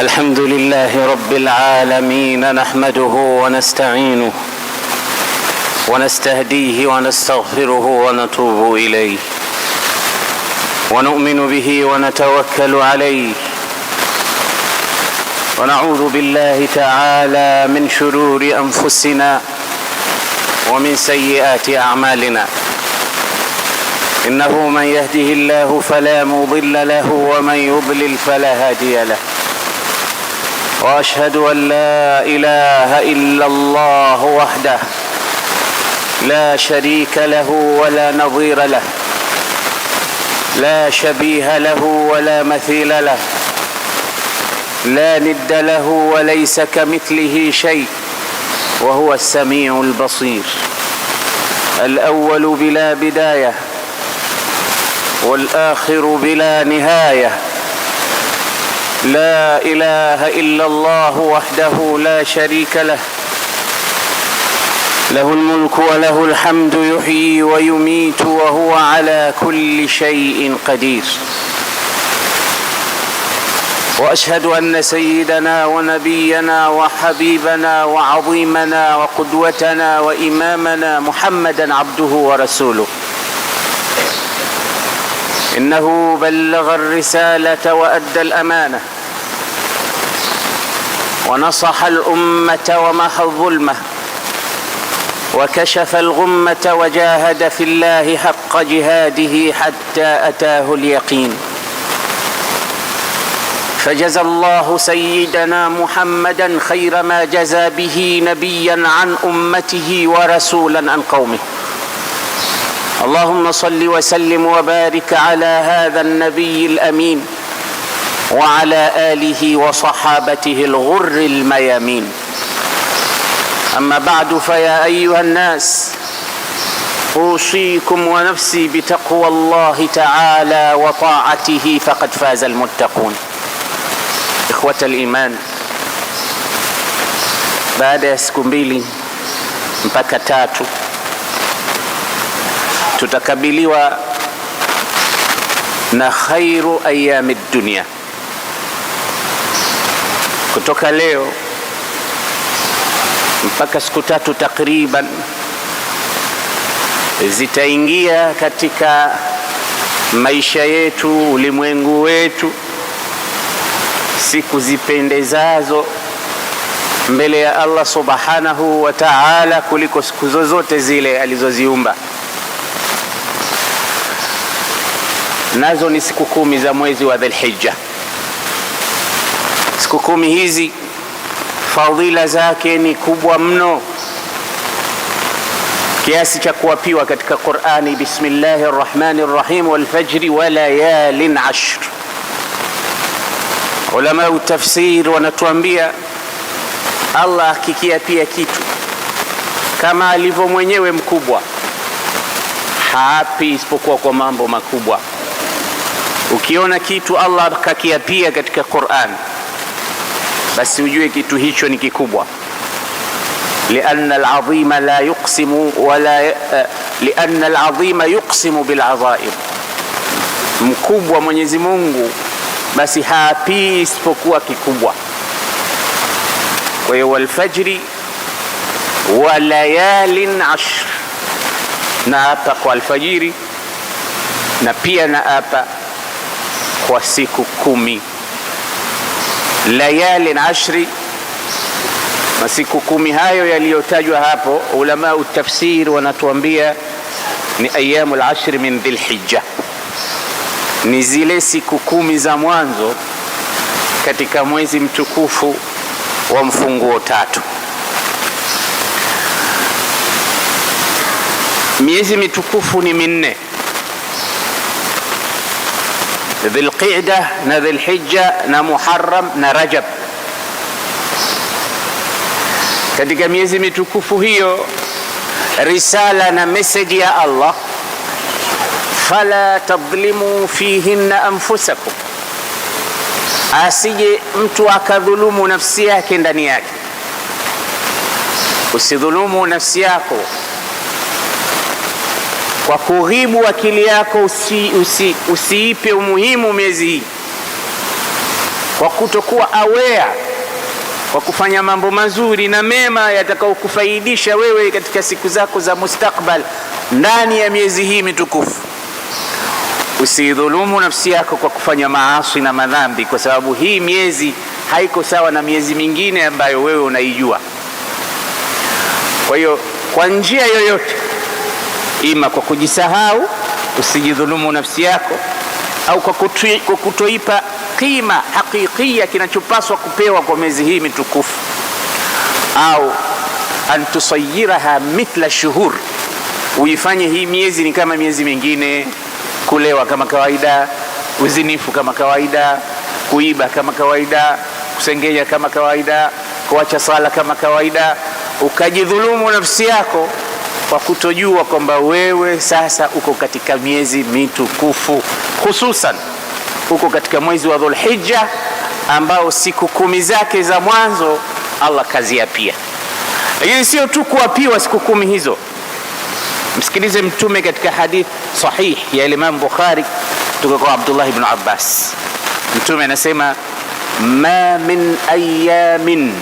الحمد لله رب العالمين نحمده ونستعينه ونستهديه ونستغفره ونتوب اليه ونؤمن به ونتوكل عليه ونعوذ بالله تعالى من شرور انفسنا ومن سيئات اعمالنا انه من يهده الله فلا مضل له ومن يضلل فلا هادي له واشهد ان لا اله الا الله وحده لا شريك له ولا نظير له لا شبيه له ولا مثيل له لا ند له وليس كمثله شيء وهو السميع البصير الاول بلا بدايه والاخر بلا نهايه لا اله الا الله وحده لا شريك له له الملك وله الحمد يحيي ويميت وهو على كل شيء قدير واشهد ان سيدنا ونبينا وحبيبنا وعظيمنا وقدوتنا وامامنا محمدا عبده ورسوله إنه بلغ الرسالة وأدى الأمانة ونصح الأمة ومحى الظلمة وكشف الغمة وجاهد في الله حق جهاده حتى أتاه اليقين فجزى الله سيدنا محمدا خير ما جزى به نبيا عن أمته ورسولا عن قومه اللهم صل وسلم وبارك على هذا النبي الامين وعلى اله وصحابته الغر الميامين اما بعد فيا ايها الناس اوصيكم ونفسي بتقوى الله تعالى وطاعته فقد فاز المتقون اخوه الايمان بعد ya siku tutakabiliwa na khairu ayami dunia. Kutoka leo mpaka siku tatu takriban zitaingia katika maisha yetu, ulimwengu wetu, siku zipendezazo mbele ya Allah subhanahu wa ta'ala kuliko siku zozote zile alizoziumba. nazo ni siku kumi za mwezi wa Dhulhijja. Siku kumi hizi fadhila zake ni kubwa mno kiasi cha kuapiwa katika Qur'ani, bismillahi rrahmani rrahim, walfajri wa layalin ashr. Ulama tafsir wanatuambia Allah akikiapia kitu kama alivyo mwenyewe mkubwa, haapi isipokuwa kwa mambo makubwa. Ukiona kitu Allah kakiapia katika Qur'an, basi ujue kitu hicho ni kikubwa. lianna alazima la yuqsimu wala eh, lianna alazima yuqsimu bilazaim, mkubwa Mwenyezi Mungu basi haapii isipokuwa kikubwa. Kwa hiyo walfajri wa layalin ashr, na hapa kwa alfajiri na pia na hapa kwa siku kumi, layalin ashri, masiku kumi hayo yaliyotajwa hapo, ulama utafsir wanatuambia ni ayamu lashri min dhilhijja, ni zile siku kumi za mwanzo katika mwezi mtukufu wa mfunguo tatu. Miezi mitukufu ni minne Dhilqida na Dhilhija na Muharram na Rajab. Katika miezi mitukufu hiyo risala na meseji ya Allah, fala tadhlimu fihinna anfusakum, asije mtu akadhulumu nafsi yake ndani yake. Usidhulumu nafsi yako kwa kuribu akili yako, usi, usi, usiipe umuhimu miezi hii, kwa kutokuwa aware, kwa kufanya mambo mazuri na mema yatakayokufaidisha wewe katika siku zako za mustakbal ndani ya miezi hii mitukufu. Usidhulumu nafsi yako kwa kufanya maasi na madhambi, kwa sababu hii miezi haiko sawa na miezi mingine ambayo wewe unaijua. Kwa hiyo kwa njia yoyote ima kwa kujisahau, usijidhulumu nafsi yako, au kwa kutoipa qima hakikia kinachopaswa kupewa kwa miezi hii mitukufu, au antusayiraha mithla shuhur, uifanye hii miezi ni kama miezi mingine, kulewa kama kawaida, uzinifu kama kawaida, kuiba kama kawaida, kusengenya kama kawaida, kuacha sala kama kawaida, ukajidhulumu nafsi yako kwa kutojua kwamba wewe sasa uko katika miezi mitukufu, hususan uko katika mwezi wa Dhulhijja ambao siku kumi zake za mwanzo Allah kaziapia. Lakini sio tu kuapiwa siku kumi hizo, msikilize Mtume katika hadith sahih ya Imam Bukhari kutoka kwa Abdullah ibn Abbas. Mtume anasema ma min ayamin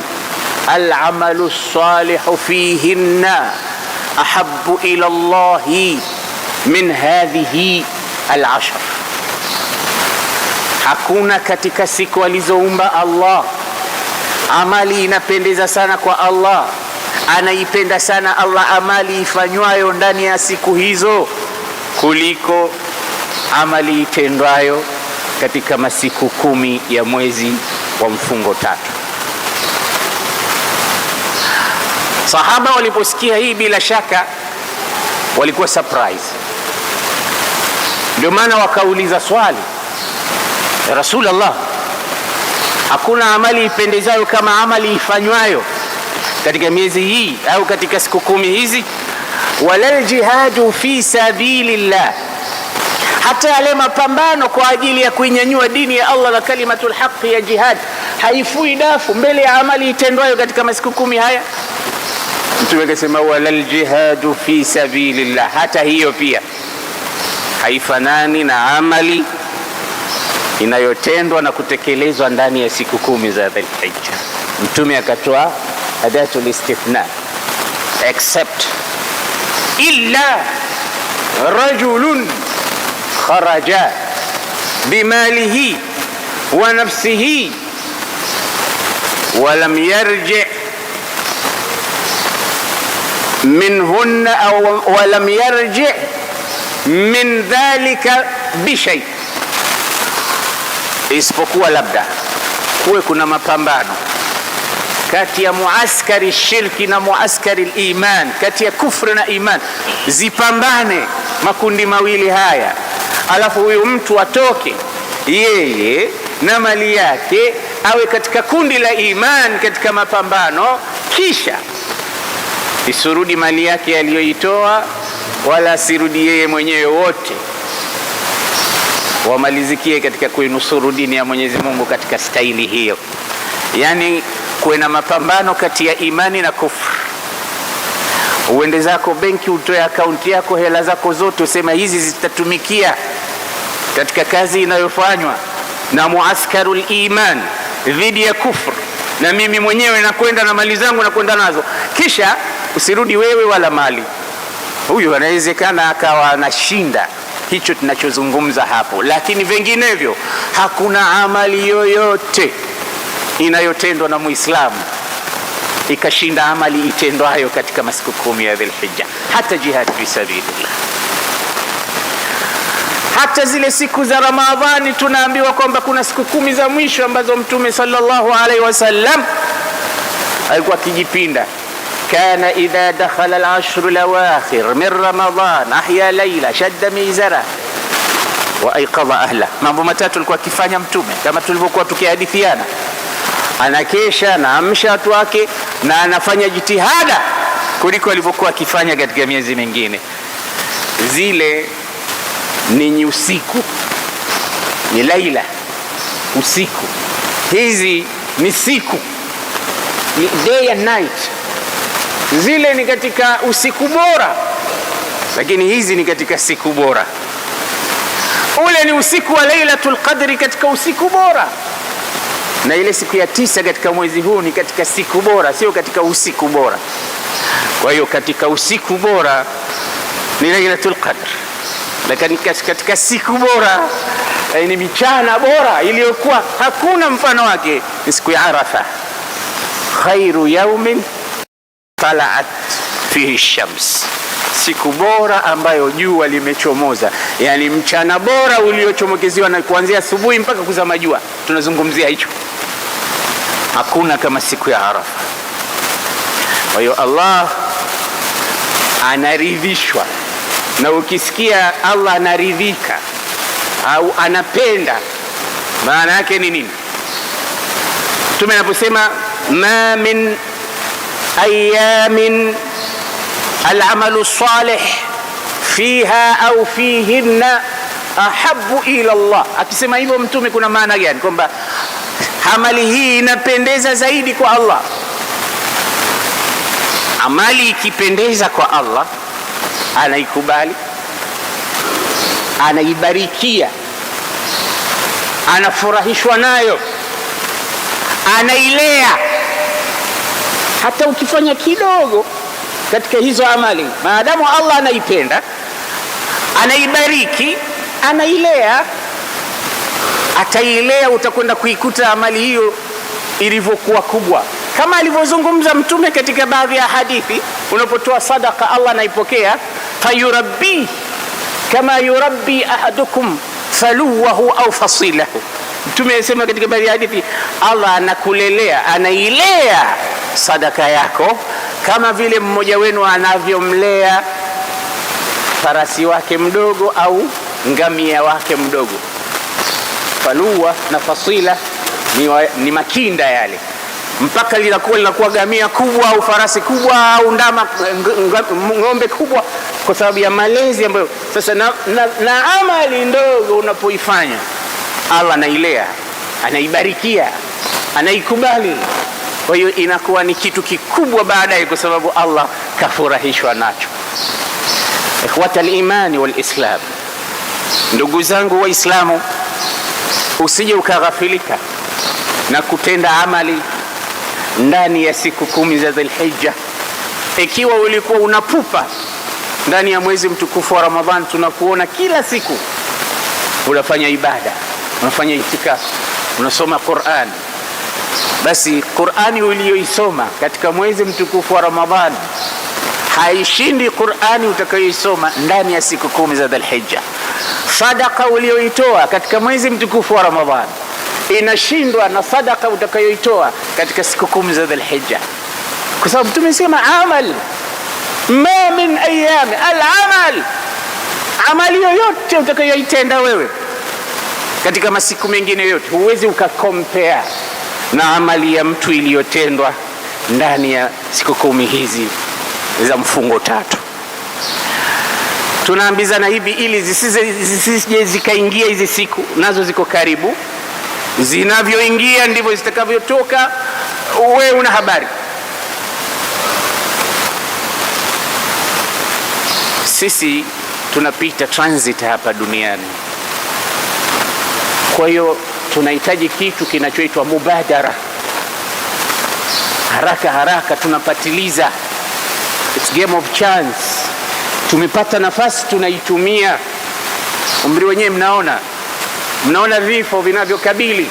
alamalu salihu fihinna ahabu ila llahi min hadhihi alashar, hakuna katika siku alizoumba Allah amali inapendeza sana kwa Allah, anaipenda sana Allah amali ifanywayo ndani ya siku hizo kuliko amali itendwayo katika masiku kumi ya mwezi wa mfungo tatu. Sahaba waliposikia hii, bila shaka walikuwa surprise, ndio maana wakauliza swali, ya Rasulullah, hakuna amali ipendezayo kama amali ifanywayo katika miezi hii au katika siku kumi hizi, wala jihadu fi sabilillah, hata yale mapambano kwa ajili ya kuinyanyua dini ya Allah na kalimatul haqq ya jihad haifui dafu mbele ya amali itendwayo katika masiku kumi haya. Mtume akasema walal jihadu fi sabilillah, hata hiyo pia haifanani na amali inayotendwa na kutekelezwa ndani ya siku kumi za Dhulhijja. Mtume akatoa adatul istithna, except illa rajulun kharaja bimalihi wa nafsihi wa lam yarji minhunna aw wa yarji min dhalika bishai, isipokuwa labda kuwe kuna mapambano kati ya muaskari shirki na muaskari liman kati ya kufri na iman. Zipambane makundi mawili haya, alafu huyu mtu atoke yeye na mali yake awe katika kundi la iman katika mapambano, kisha isirudi mali yake aliyoitoa, wala asirudi yeye mwenyewe, wote wamalizikie katika kuinusuru dini ya Mwenyezi Mungu katika staili hiyo, yaani kuwe na mapambano kati ya imani na kufru. Uende zako benki, utoe akaunti yako, hela zako zote, usema hizi zitatumikia katika kazi inayofanywa na muaskarul iman dhidi ya kufru, na mimi mwenyewe nakwenda na mali zangu nakwenda nazo, kisha usirudi wewe wala mali. Huyu anawezekana akawa anashinda hicho tunachozungumza hapo, lakini vinginevyo hakuna amali yoyote inayotendwa na Muislamu ikashinda amali itendwayo katika masiku kumi ya Dhulhijja, hata jihad fi sabilillah, hata zile siku za Ramadhani. Tunaambiwa kwamba kuna siku kumi za mwisho ambazo Mtume sallallahu alaihi wasallam alikuwa akijipinda كان إذا دخل العشر الأواخر من Ramadhan ahya laila shadda mizara wa aikadha ahla. Mambo matatu alikuwa akifanya Mtume kama tulivyokuwa tukihadithiana, anakesha, anaamsha watu wake na anafanya jitihada kuliko alivyokuwa akifanya katika miezi mingine. Zile ni usiku, ni laila, usiku. Hizi ni siku, ni day and night Zile ni katika usiku bora, lakini hizi ni katika siku bora. Ule ni usiku wa Lailatul Qadri katika usiku bora, na ile siku ya tisa katika mwezi huu ni katika siku bora, sio katika usiku bora. Kwa hiyo katika usiku bora ni Lailatul Qadr, lakini katika siku bora eh, ni michana bora iliyokuwa hakuna mfano wake, ni siku ya Arafa, khairu yaumin Talaat fihi shams, siku bora ambayo jua limechomoza, yani mchana bora uliochomokeziwa na kuanzia asubuhi mpaka kuzama jua. Tunazungumzia hicho, hakuna kama siku ya Arafa. Kwa hiyo Allah anaridhishwa na ukisikia Allah anaridhika au anapenda, maana yake ni nini? Mtume anaposema ma min أيام العمل الصالح fiha au fihinna ahabu ila Allah. Akisema hivyo Mtume kuna maana gani? Kwamba amali hii inapendeza zaidi kwa Allah. Amali ikipendeza kwa Allah, anaikubali, anaibarikia, anafurahishwa nayo, anailea hata ukifanya kidogo katika hizo amali, maadamu Allah anaipenda, anaibariki, anailea, atailea, utakwenda kuikuta amali hiyo ilivyokuwa kubwa, kama alivyozungumza Mtume katika baadhi ya hadithi, unapotoa sadaka Allah anaipokea, fayurabbi kama yurabbi ahadukum faluwahu au fasilahu. Mtume alisema katika baadhi ya hadithi, Allah anakulelea, anailea sadaka yako kama vile mmoja wenu anavyomlea farasi wake mdogo au ngamia wake mdogo. Falua na fasila ni, wa, ni makinda yale mpaka linakuwa linakuwa gamia kubwa au farasi kubwa au ndama ng'ombe kubwa, kwa sababu ya malezi ambayo sasa na, na, na amali ndogo unapoifanya, Allah anailea, anaibarikia, anaikubali. Kwa hiyo inakuwa ni kitu kikubwa baadaye, kwa sababu Allah kafurahishwa nacho. Ikhwata al walislam ndugu zangu Waislamu, usije ukaghafilika na kutenda amali ndani ya siku kumi za Dhulhijja. Ikiwa ulikuwa unapupa ndani ya mwezi mtukufu wa Ramadhani, tunakuona kila siku unafanya ibada, unafanya itikafu, unasoma Qur'an basi Qur'ani uliyoisoma katika mwezi mtukufu wa Ramadhani haishindi Qur'ani utakayoisoma ndani ya siku kumi za Dhulhijja. Sadaka uliyoitoa katika mwezi mtukufu wa Ramadhani inashindwa na sadaka utakayoitoa katika siku kumi za Dhulhijja, kwa sababu tumesema amal ma min ayami al-amal, amali yoyote utakayoitenda wewe katika masiku mengine yote huwezi ukakompea na amali ya mtu iliyotendwa ndani ya siku kumi hizi za mfungo tatu. Tunaambizana hivi ili zisije zisije zikaingia hizi siku, nazo ziko karibu. Zinavyoingia ndivyo zitakavyotoka, we una habari. Sisi tunapita transit hapa duniani, kwa hiyo tunahitaji kitu kinachoitwa mubadara, haraka haraka, tunapatiliza. It's game of chance. Tumepata nafasi tunaitumia. Umri wenyewe mnaona, mnaona vifo vinavyokabili.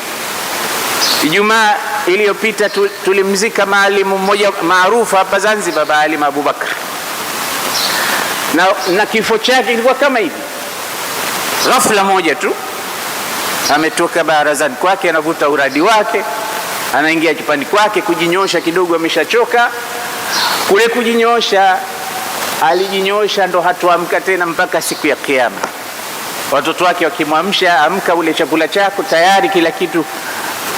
Ijumaa iliyopita tulimzika maalimu mmoja maarufu hapa Zanzibar, Maalim Abubakar, na, na kifo chake kilikuwa kama hivi, ghafla moja tu ametoka barazani kwake, anavuta uradi wake, anaingia kipandi kwake kujinyosha kidogo, ameshachoka kule kujinyosha. Alijinyosha ndo hatuamka tena mpaka siku ya Kiyama. Watoto wake wakimwamsha, amka ule chakula chako tayari, kila kitu,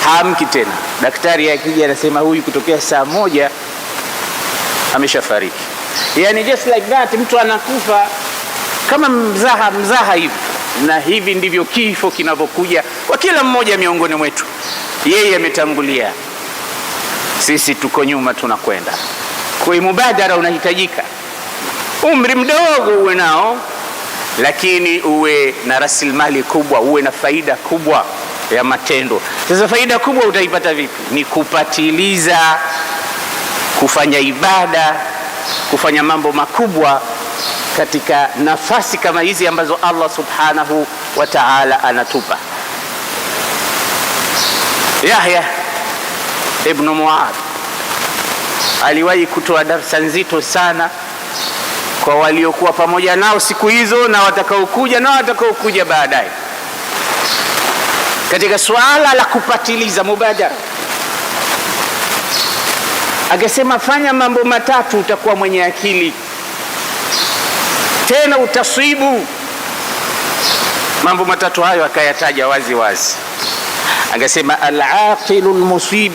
haamki tena. Daktari akija anasema huyu kutokea saa moja ameshafariki. Yani just like that, mtu anakufa kama mzaha mzaha hivi na hivi ndivyo kifo kinavyokuja kwa kila mmoja miongoni mwetu. Yeye ametangulia, sisi tuko nyuma, tunakwenda. Kwa hiyo mubadara unahitajika, umri mdogo uwe nao, lakini uwe na rasilimali kubwa, uwe na faida kubwa ya matendo. Sasa faida kubwa utaipata vipi? Ni kupatiliza, kufanya ibada, kufanya mambo makubwa katika nafasi kama hizi ambazo Allah subhanahu wa ta'ala anatupa. Yahya ibnu Muad aliwahi kutoa darsa nzito sana kwa waliokuwa pamoja nao siku hizo na watakaokuja na watakaokuja baadaye, katika suala la kupatiliza mubadara. Akasema, fanya mambo matatu utakuwa mwenye akili tena utaswibu. Mambo matatu hayo akayataja wazi wazi, akasema alaqilu lmusib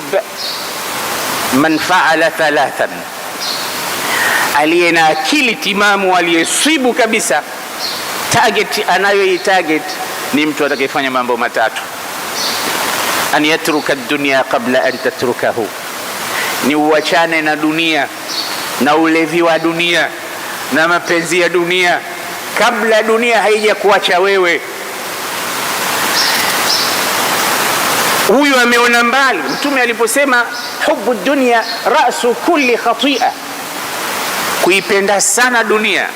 man faala thalathan, aliye na akili timamu aliyeswibu kabisa, target anayoi target ni mtu atakayefanya mambo matatu an yatruka dunia qabla an tatrukahu, ni uachane na dunia na ulevi wa dunia na mapenzi ya dunia kabla dunia haijakuacha wewe. Huyu ameona mbali. Mtume aliposema hubu dunia rasu kulli khatia, kuipenda sana dunia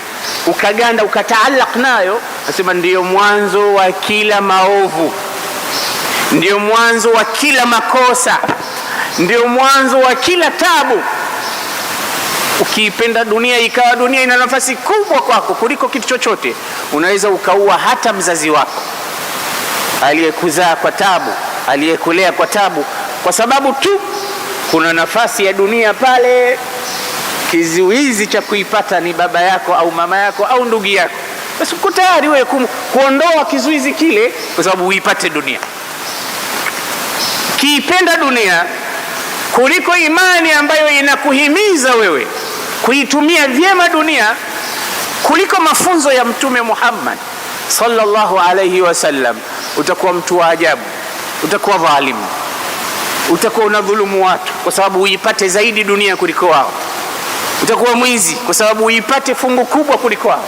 ukaganda ukataalaq nayo, nasema ndiyo mwanzo wa kila maovu, ndiyo mwanzo wa kila makosa, ndiyo mwanzo wa kila tabu. Ukiipenda dunia ikawa dunia ina nafasi kubwa kwako kuliko kitu chochote, unaweza ukaua hata mzazi wako aliyekuzaa kwa tabu, aliyekulea kwa tabu, kwa sababu tu kuna nafasi ya dunia pale. Kizuizi cha kuipata ni baba yako au mama yako au ndugu yako, basi uko tayari wewe kuondoa kizuizi kile, kwa sababu uipate dunia. Kiipenda dunia kuliko imani ambayo inakuhimiza wewe kuitumia vyema dunia kuliko mafunzo ya Mtume Muhammad sallallahu alayhi wasallam, utakuwa mtu wa ajabu, utakuwa dhalimu, utakuwa unadhulumu watu kwa sababu uipate zaidi dunia kuliko wao, utakuwa mwizi kwa sababu uipate fungu kubwa kuliko wao,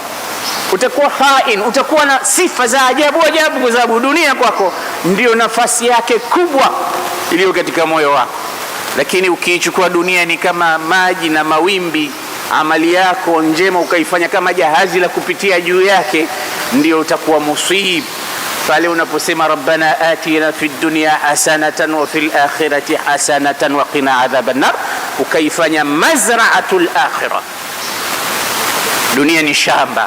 utakuwa hain, utakuwa na sifa za ajabu ajabu kwa sababu dunia kwako ndiyo nafasi yake kubwa iliyo katika moyo wako. Lakini ukiichukua dunia ni kama maji na mawimbi amali yako njema ukaifanya kama jahazi la kupitia juu yake, ndio utakuwa musib pale unaposema rabbana atina fid dunya hasanatan wa fil akhirati hasanatan wa qina adhaban nar, ukaifanya mazraatul akhirah. Dunia ni shamba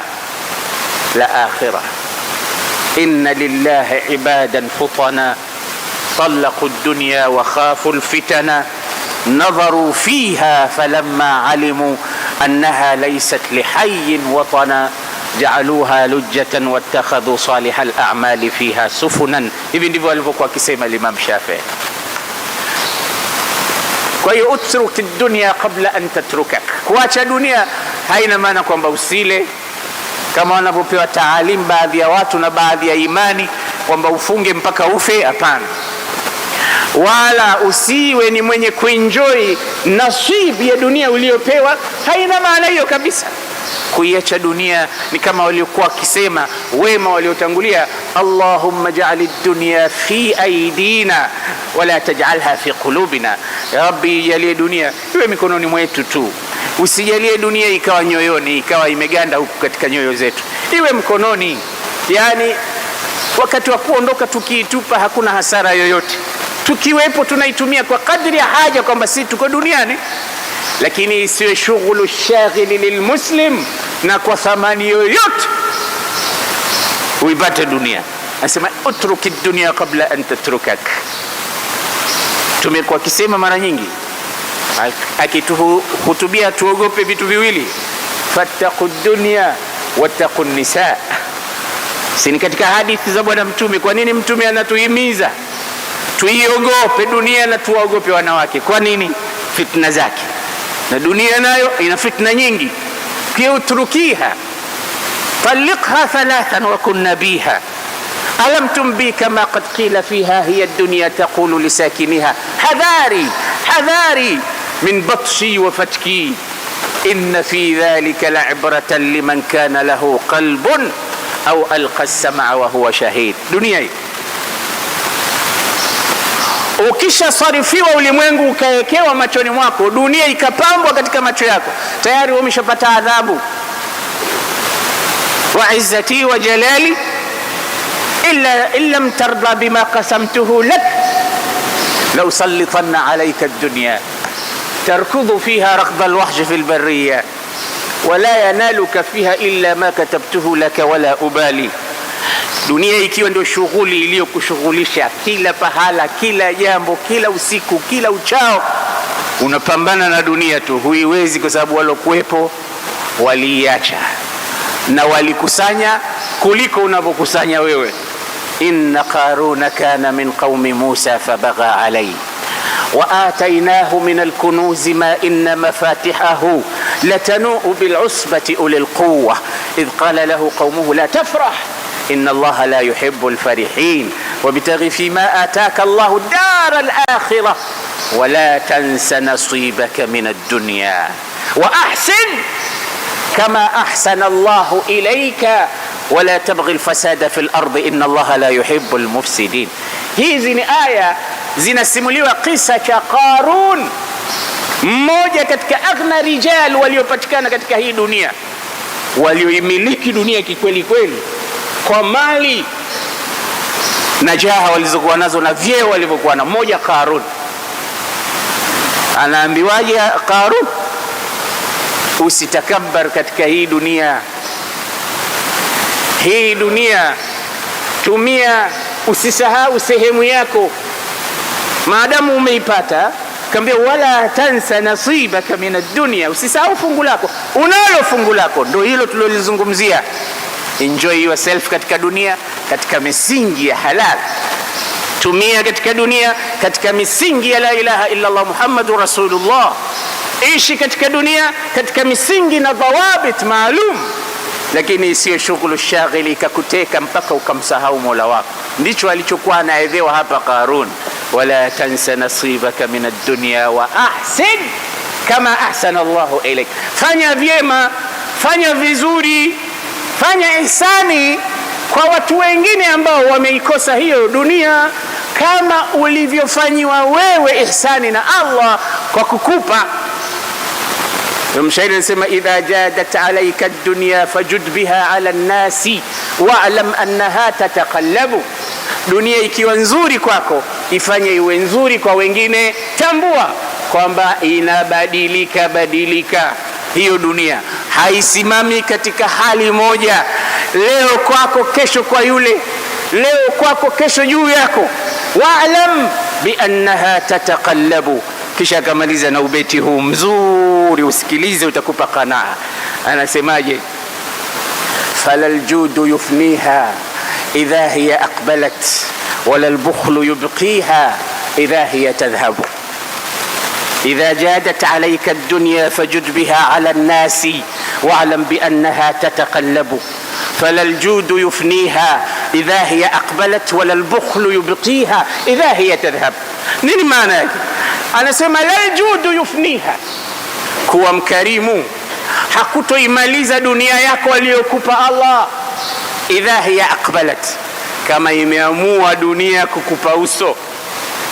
la akhirah. inna lillahi ibadan futana طلقوا الدنيا وخافوا الفتن نظروا فيها فلما علموا انها ليست لحي وطنا jaaluha lujjatan wattakhadhu salihal a'mali fiha sufunan. Hivi ndivyo walivyokuwa wakisema Imam Shafi. Kwa hiyo utruki dunia qabla an tatrukak, kuacha dunia haina maana kwamba usile kama wanavyopewa taalim baadhi ya watu na baadhi ya imani kwamba ufunge mpaka ufe. Hapana. wala usiwe ni mwenye kuenjoy nasibu ya dunia uliyopewa. Haina maana hiyo kabisa. Kuiacha dunia ni kama waliokuwa wakisema wema waliotangulia, Allahumma ja'al dunya fi aidina wala taj'alha fi qulubina, ya Rabbi, ijalie dunia iwe mikononi mwetu tu, usijalie dunia ikawa nyoyoni, ikawa imeganda huku katika nyoyo zetu, iwe mkononi. Yani wakati wa kuondoka tukiitupa hakuna hasara yoyote tukiwepo tunaitumia kwa kadri ya haja, kwamba si tuko duniani, lakini isiwe shughulu shaghili lilmuslim, na kwa thamani yoyote uipate dunia. Anasema utruki dunia kabla an tatrukak. Tumekuwa akisema mara nyingi, akituhutubia tuogope vitu viwili, fattaqu dunia wattaqu nisa. sini katika hadithi za Bwana Mtume? Kwa nini Mtume anatuhimiza tuiogope dunia na tuwaogope wanawake. Kwa nini? Fitna zake, na dunia nayo ina fitna nyingi. kiutrukiha talikha thalathan wa kunna biha alam tumbi kama qad qila fiha hiya dunia taqulu lisakiniha hadhari hadhari min batshi wa fatki inna fi dhalika ibratan liman kana lahu qalbun au alqa as wa huwa shahid. Dunia hii ukishasarifiwa ulimwengu ukaekewa machoni mwako, dunia ikapambwa katika macho yako, tayari wewe umeshapata adhabu. wa izzati wa jalali illa in lam tarda bima qasamtuhu lak la usallitanna alayka ad-dunya tarkudu fiha rakba al-wahsh fi al-barriya wa la yanaluka fiha illa ma katabtuhu laka wala ubali dunia ikiwa ndio shughuli iliyokushughulisha kila pahala, kila jambo, kila usiku, kila uchao, unapambana na dunia tu, huiwezi, kwa sababu walokuwepo waliiacha na walikusanya kuliko unavyokusanya wewe. inna qaruna kana min qaumi musa fabagha alayhi wa atainahu min alkunuzi ma inna mafatihahu latanuu bil'usbati ulil idh qala lahu qaumuhu la tafrah إن الله لا يحب الفرحين وابتغ فيما آتاك الله الدار الآخرة ولا تنس نصيبك من الدنيا وأحسن كما أحسن الله إليك ولا تبغي الفساد في الأرض إن الله لا يحب المفسدين hizi زين aya zinasimuliwa kisa cha qarun mmoja katika aghna كتك هي دنيا وليو يملك دنيا كي كولي كولي kwa mali na jaha walizokuwa nazo na vyeo walivyokuwa na. Moja, Karun anaambiwaje? Karun, usitakabbar katika hii dunia. Hii dunia tumia, usisahau sehemu yako maadamu umeipata. Kaambia wala tansa nasibaka min ad usisahau fungu lako, unalo fungu lako. Ndio hilo tulilozungumzia. Enjoy yourself katika dunia katika misingi ya halal, tumia katika dunia katika misingi ya la ilaha illa Allah Muhammadur Rasulullah. Ishi katika dunia katika misingi na dhawabit maalum, lakini isiyo shughulu shaghili ikakuteka mpaka ukamsahau Mola wako. Ndicho alichokuwa anaedhewa hapa Qarun, wala tansa nasibaka min ad-dunya wa ahsin kama ahsana Allahu ilaik, fanya vyema, fanya vizuri fanya ihsani kwa watu wengine ambao wameikosa hiyo dunia kama ulivyofanyiwa wewe ihsani na Allah kwa kukupa. Mshairi anasema idha jadat alaika dunya fajud biha ala nnasi walam annaha tataqallabu, dunia ikiwa nzuri kwako ifanye iwe nzuri kwa wengine, tambua kwamba inabadilika badilika hiyo dunia haisimami katika hali moja, leo kwako, kesho kwa yule, leo kwako, kesho juu yako. Waalam annaha tataqallabu. Kisha akamaliza na ubeti huu mzuri, usikilize, utakupa qanaa. Anasemaje? falaljudu yufniha idha hiya aqbalat wala lbukhlu yubqiha idha hiya tadhhabu إذا جادت عليك الدنيا فجد بها على الناس واعلم بأنها تتقلب فلا الجود يفنيها إذا هي أقبلت ولا البخل يبقيها إذا هي تذهب من معنى أنا سمع لا الجود يفنيها كوا كريم حكتو إماليز دنيا يكوى ليكوب الله إذا هي أقبلت كما يميموا دنيا كوكوبا وسو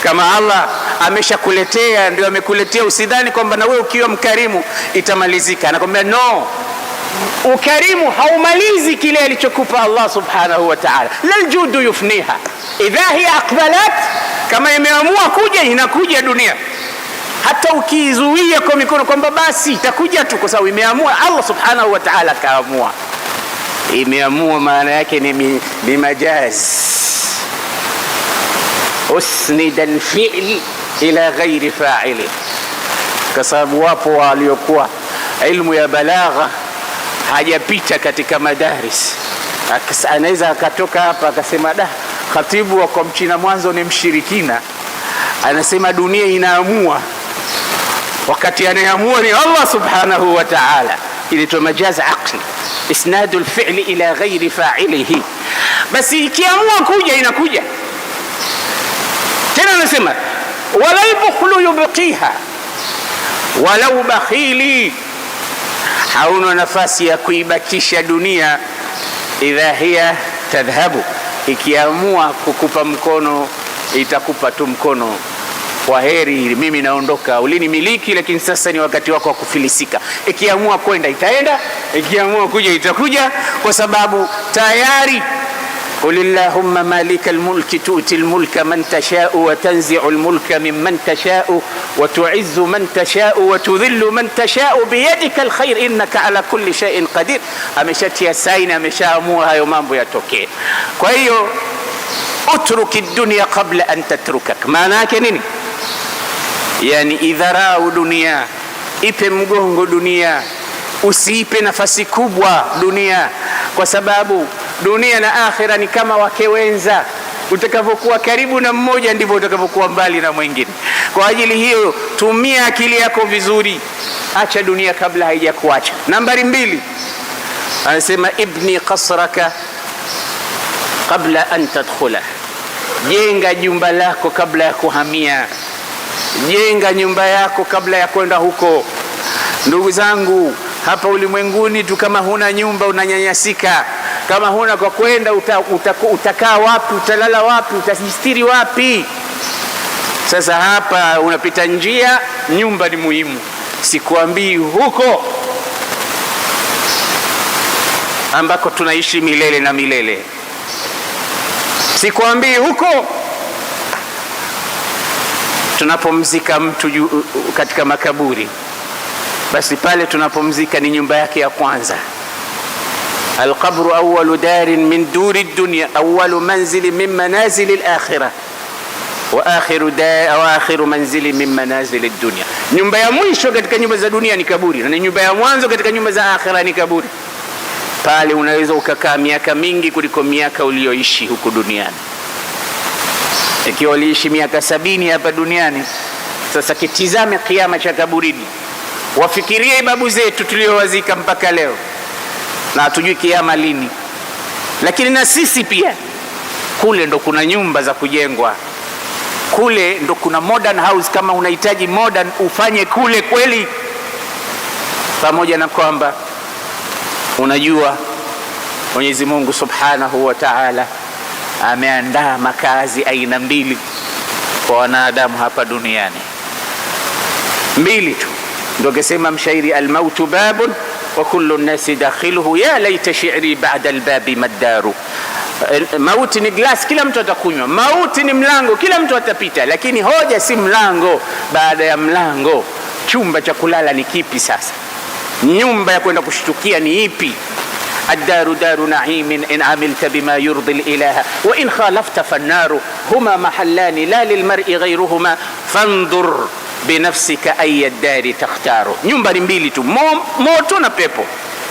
Kama Allah ameshakuletea ndio amekuletea, usidhani kwamba na wewe ukiwa mkarimu itamalizika. Anakwambia no, ukarimu haumalizi kile alichokupa Allah subhanahu wa ta'ala. Lal judu yufniha idha hiya aqbalat, kama imeamua kuja inakuja dunia hata ukiizuia kwa mikono kwamba basi itakuja tu, kwa sababu imeamua. Allah subhanahu wa ta'ala kaamua, imeamua maana yake ni, ni majazi usnid alfili ila ghairi faili, kwa sababu wapo waliokuwa ilmu ya balagha hajapita katika madaris, anaweza akatoka hapa akasema da, khatibu wa kwa mchina mwanzo ni mshirikina, anasema dunia inaamua, wakati anayeamua ni Allah subhanahu wa ta'ala. Inaitwa majaz aqli, isnadu alfili ila ghairi failihi. Basi ikiamua kuja inakuja Mwenyewe anasema wala bukhlu yubqiha, walau bakhili, hauna nafasi ya kuibakisha dunia. Idha hiya tadhhabu, ikiamua kukupa mkono itakupa tu mkono kwa heri, mimi naondoka, ulini miliki lakini sasa ni wakati wako wa kufilisika. Ikiamua kwenda itaenda, ikiamua kuja itakuja, kwa sababu tayari قل اللهم مالك الملك تؤتي الملك من تشاء وتنزع الملك ممن تشاء وتعز من تشاء وتذل من تشاء بيدك الخير إنك على كل شيء قدير ameshatia saini ameshaamua hayo mambo yatokee kwa hiyo utruki dunia qabla an tatrukak maana yake nini yani idharau dunia ipe mgongo dunia usiipe nafasi kubwa dunia kwa sababu Dunia na akhira ni kama wake wenza, utakavyokuwa karibu na mmoja ndivyo utakavyokuwa mbali na mwingine. Kwa ajili hiyo, tumia akili yako vizuri, acha dunia kabla haijakuacha. Nambari mbili, anasema ibni qasraka qabla an tadkhula, jenga jumba lako kabla ya kuhamia, jenga nyumba yako kabla ya kwenda huko. Ndugu zangu, hapa ulimwenguni tu, kama huna nyumba unanyanyasika. Kama huna kwa kwenda, utakaa wapi? Utalala wapi? Utajistiri wapi? Sasa hapa unapita njia, nyumba ni muhimu, sikuambii huko ambako tunaishi milele na milele, sikuambii huko tunapomzika mtu katika makaburi, basi pale tunapomzika ni nyumba yake ya kwanza alqabru awalu دار min دور dunya awalu manzili min manazili alakhirah wa دا da منزل من manzili min manazili يا nyumba ya mwisho katika nyumba za dunia ni kaburi, na nyumba ya mwanzo katika nyumba za akhira ni kaburi. Pale unaweza ukakaa miaka mingi kuliko miaka ulioishi huku duniani. Ikiwa uliishi miaka sabini hapa duniani, sasa kitizame kiama cha kaburini. Wafikirie babu zetu tuliowazika mpaka leo na hatujui kiama lini. Lakini na sisi pia kule ndo kuna nyumba za kujengwa, kule ndo kuna modern house. Kama unahitaji modern, ufanye kule kweli, pamoja na kwamba unajua Mwenyezi Mungu Subhanahu wa Ta'ala ameandaa makazi aina mbili kwa wanadamu hapa duniani, mbili tu, ndio kesema mshairi, almautu babun وكل الناس داخله يا ليت شعري بعد الباب مدار Mauti ni glasi, kila mtu atakunywa. Mauti ni mlango, kila mtu atapita, lakini hoja si mlango. Baada ya mlango, chumba cha kulala ni kipi? Sasa nyumba ya kwenda kushtukia ni ipi? Addaru daru naimin in amilta bima yurdi lilaha wa in khalafta fannaru huma mahallani la lilmari ghairuhuma fandur binafsika aya dari takhtaru, nyumba ni mbili tu, mo, moto na pepo.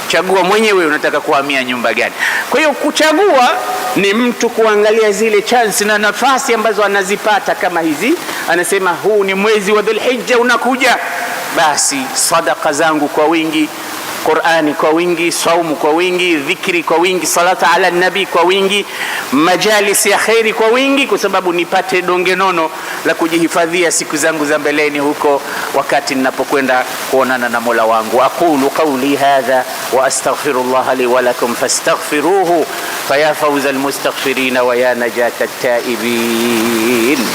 Chagua mwenyewe unataka kuhamia nyumba gani. Kwa hiyo kuchagua ni mtu kuangalia zile chansi na nafasi ambazo anazipata kama hizi. Anasema huu ni mwezi wa Dhulhijja unakuja, basi sadaka zangu kwa wingi Qurani kwa wingi, saumu kwa wingi, dhikri kwa wingi, salata ala nabi kwa wingi, majalisi ya kheri kwa wingi, kwa sababu nipate donge nono la kujihifadhia siku zangu za mbeleni huko, wakati ninapokwenda kuonana na Mola wangu. Aqulu qawli hadha wa astaghfirullah li wa lakum fastaghfiruhu fa ya fawza almustaghfirin wa ya najata at-taibin.